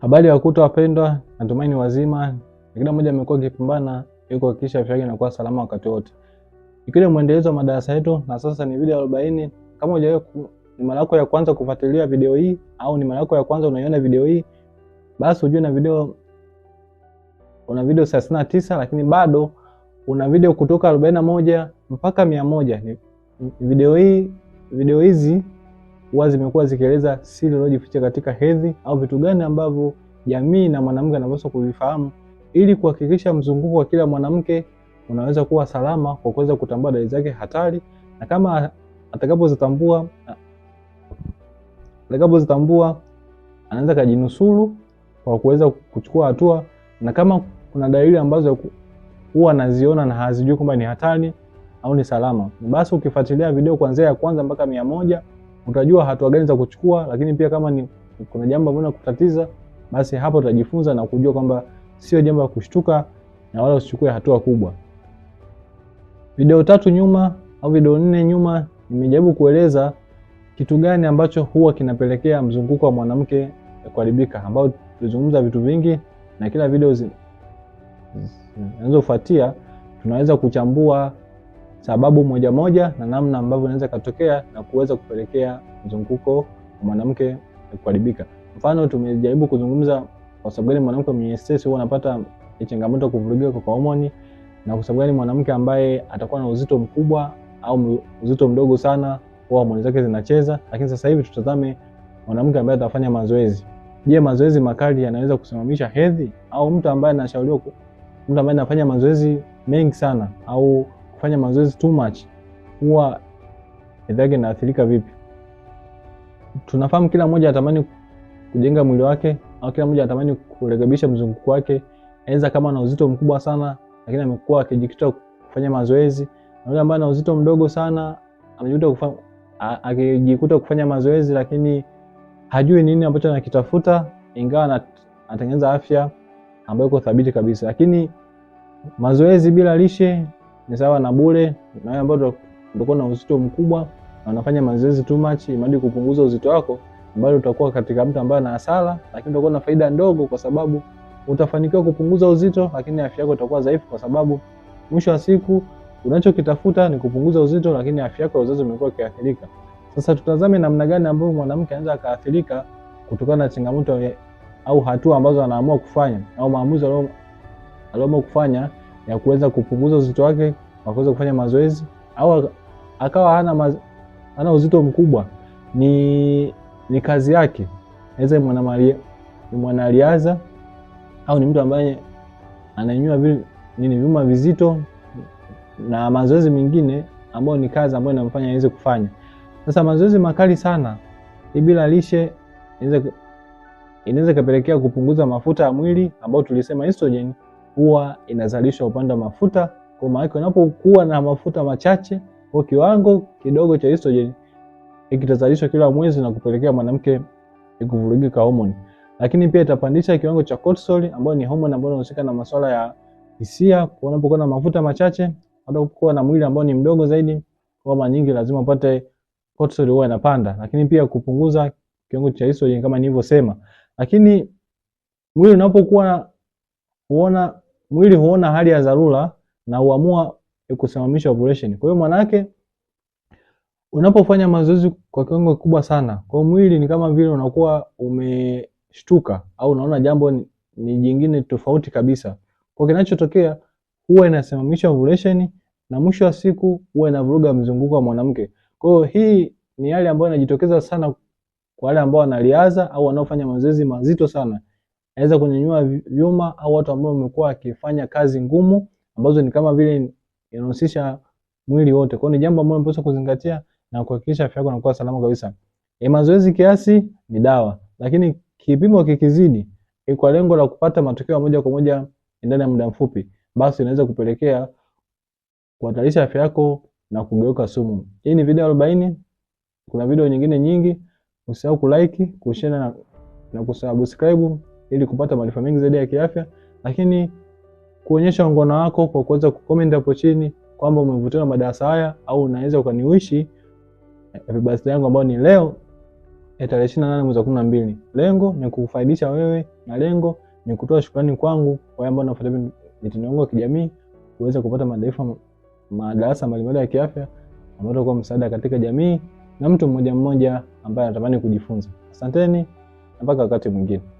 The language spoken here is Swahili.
Habari ya kuto wapendwa, natumaini wazima. Kila mmoja amekuwa akipambana ili kuhakikisha afya yake inakuwa salama wakati wote, ikiwa mwendelezo wa madarasa yetu, na sasa ni video 40. Kama hujawahi ni mara yako ya kwanza kufuatilia video hii au ni mara yako ya kwanza unaiona video hii, basi ujue na video una video 39 lakini bado una video kutoka 41 mpaka 100. Video hii video hizi huwa zimekuwa zikieleza siri iliyojificha katika hedhi au vitu gani ambavyo jamii na mwanamke anapaswa kuvifahamu ili kuhakikisha mzunguko wa kila mwanamke unaweza kuwa salama kwa kuweza kutambua dalili zake hatari, na kama atakapozitambua atakapozitambua anaweza kujinusuru kwa kuweza kuchukua hatua, na kama kuna dalili ambazo huwa anaziona na hazijui kwamba ni hatari au ni salama, basi ukifuatilia video kuanzia ya kwanza mpaka mia moja utajua hatua gani za kuchukua, lakini pia kama ni kuna jambo ambalo linakutatiza, basi hapo utajifunza na kujua kwamba sio jambo la kushtuka na wala usichukue hatua kubwa. Video tatu nyuma au video nne nyuma nimejaribu kueleza kitu gani ambacho huwa kinapelekea mzunguko wa mwanamke kuharibika, ambao tulizungumza vitu vingi, na kila video zinazofuatia tunaweza kuchambua sababu moja moja na namna ambavyo inaweza ikatokea na kuweza kupelekea mzunguko wa mwanamke kuharibika. Mfano, tumejaribu kuzungumza kwa sababu gani mwanamke mwenye stress huwa anapata changamoto kuvurugika kwa homoni na kwa sababu gani mwanamke ambaye atakuwa na uzito mkubwa au uzito mdogo sana huwa homoni zake zinacheza. Lakini sasa hivi tutazame mwanamke ambaye atafanya mazoezi. Je, mazoezi makali yanaweza kusimamisha hedhi? Au mtu ambaye anashauriwa, mtu ambaye anafanya mazoezi mengi sana au anafanya mazoezi too much, huwa hedhi yake inaathirika vipi? Tunafahamu kila mmoja anatamani kujenga mwili wake au kila mmoja anatamani kurekebisha mzunguko wake. Aidha kama na uzito mkubwa sana, lakini amekuwa akijikita kufanya mazoezi, na yule ambaye ana uzito mdogo sana amejikuta kufanya akijikuta kufanya mazoezi, lakini hajui nini ambacho anakitafuta, ingawa anatengeneza afya ambayo iko thabiti kabisa, lakini mazoezi bila lishe ni sawa na bure, na wale ambao utakuwa na uzito mkubwa na unafanya mazoezi too much, imadi kupunguza uzito wako, ambao utakuwa katika mtu ambaye ana hasara, lakini utakuwa na faida ndogo, kwa sababu utafanikiwa kupunguza uzito, lakini afya yako itakuwa dhaifu, kwa sababu mwisho wa siku unachokitafuta ni kupunguza uzito, lakini afya yako ya uzazi imekuwa ikiathirika. Sasa tutazame namna gani ambavyo mwanamke anaweza akaathirika kutokana na changamoto au hatua ambazo anaamua kufanya au maamuzi aliyoamua kufanya ya kuweza kupunguza uzito wake kwa kuweza kufanya mazoezi au akawa hana maz... hana uzito mkubwa, ni ni kazi yake, aweza ni mwanamaria ni mwanariadha au ni mtu ambaye ananyua vile nini vyuma vizito na mazoezi mengine ambayo ni kazi ambayo inamfanya aweze kufanya. Sasa mazoezi makali sana bila lishe inaweza kapelekea kupunguza mafuta ya mwili ambayo tulisema estrogen huwa inazalishwa upande wa mafuta. Kwa maana unapokuwa na mafuta machache kwa kiwango kidogo cha estrogen ikitazalishwa kila mwezi na kupelekea mwanamke kuvurugika homoni, lakini pia itapandisha kiwango cha cortisol ambayo ni homoni ambayo inahusika na masuala ya hisia. Kwa unapokuwa na mafuta machache, hata ukiwa na mwili ambao ni mdogo zaidi, kwa mara nyingi lazima upate cortisol huwa inapanda, lakini pia kupunguza kiwango cha estrogen kama nilivyosema. Lakini mwili unapokuwa huona mwili huona hali ya dharura na huamua kusimamisha operation. Kwa hiyo manake unapofanya mazoezi kwa kiwango kikubwa sana, kwa mwili ni kama vile unakuwa umeshtuka au unaona jambo ni, ni jingine tofauti kabisa. Kwa kinachotokea huwa inasimamisha ovulation na mwisho wa siku huwa inavuruga mzunguko wa mwanamke. Kwa hiyo hii ni hali ambayo inajitokeza sana kwa wale ambao wanaliaza au wanaofanya mazoezi mazito sana aweza kunyanyua vyuma au watu ambao wamekuwa wakifanya kazi ngumu ambazo ni kama vile inahusisha mwili wote. Kwa hiyo ni jambo ambalo unapaswa kuzingatia na kuhakikisha afya yako inakuwa salama kabisa. E, mazoezi kiasi ni dawa, lakini kipimo kikizidi e, kwa lengo la kupata matokeo moja kwa moja ndani ya muda mfupi, basi inaweza kupelekea kuhatarisha afya yako na kugeuka sumu. Hii ni video 40. Kuna video nyingine nyingi, usisahau kulike, kushare na, na kusubscribe ili kupata maarifa mengi zaidi ya kiafya, lakini kuonyesha ngono wako kwa kuweza kucomment hapo chini kwamba umevutiwa na madarasa haya au unaweza ukaniwishi happy eh, birthday yangu ambayo ni leo ya eh, tarehe 28 na mwezi wa 12. Lengo ni kukufaidisha wewe na lengo ni kutoa shukrani kwangu kwa ambao nafuatilia mitandao yangu ya kijamii kuweza kupata maarifa madarasa mbalimbali ya kiafya ambayo kwa msaada katika jamii na mtu mmoja mmoja ambaye anatamani kujifunza. Asanteni na mpaka wakati mwingine.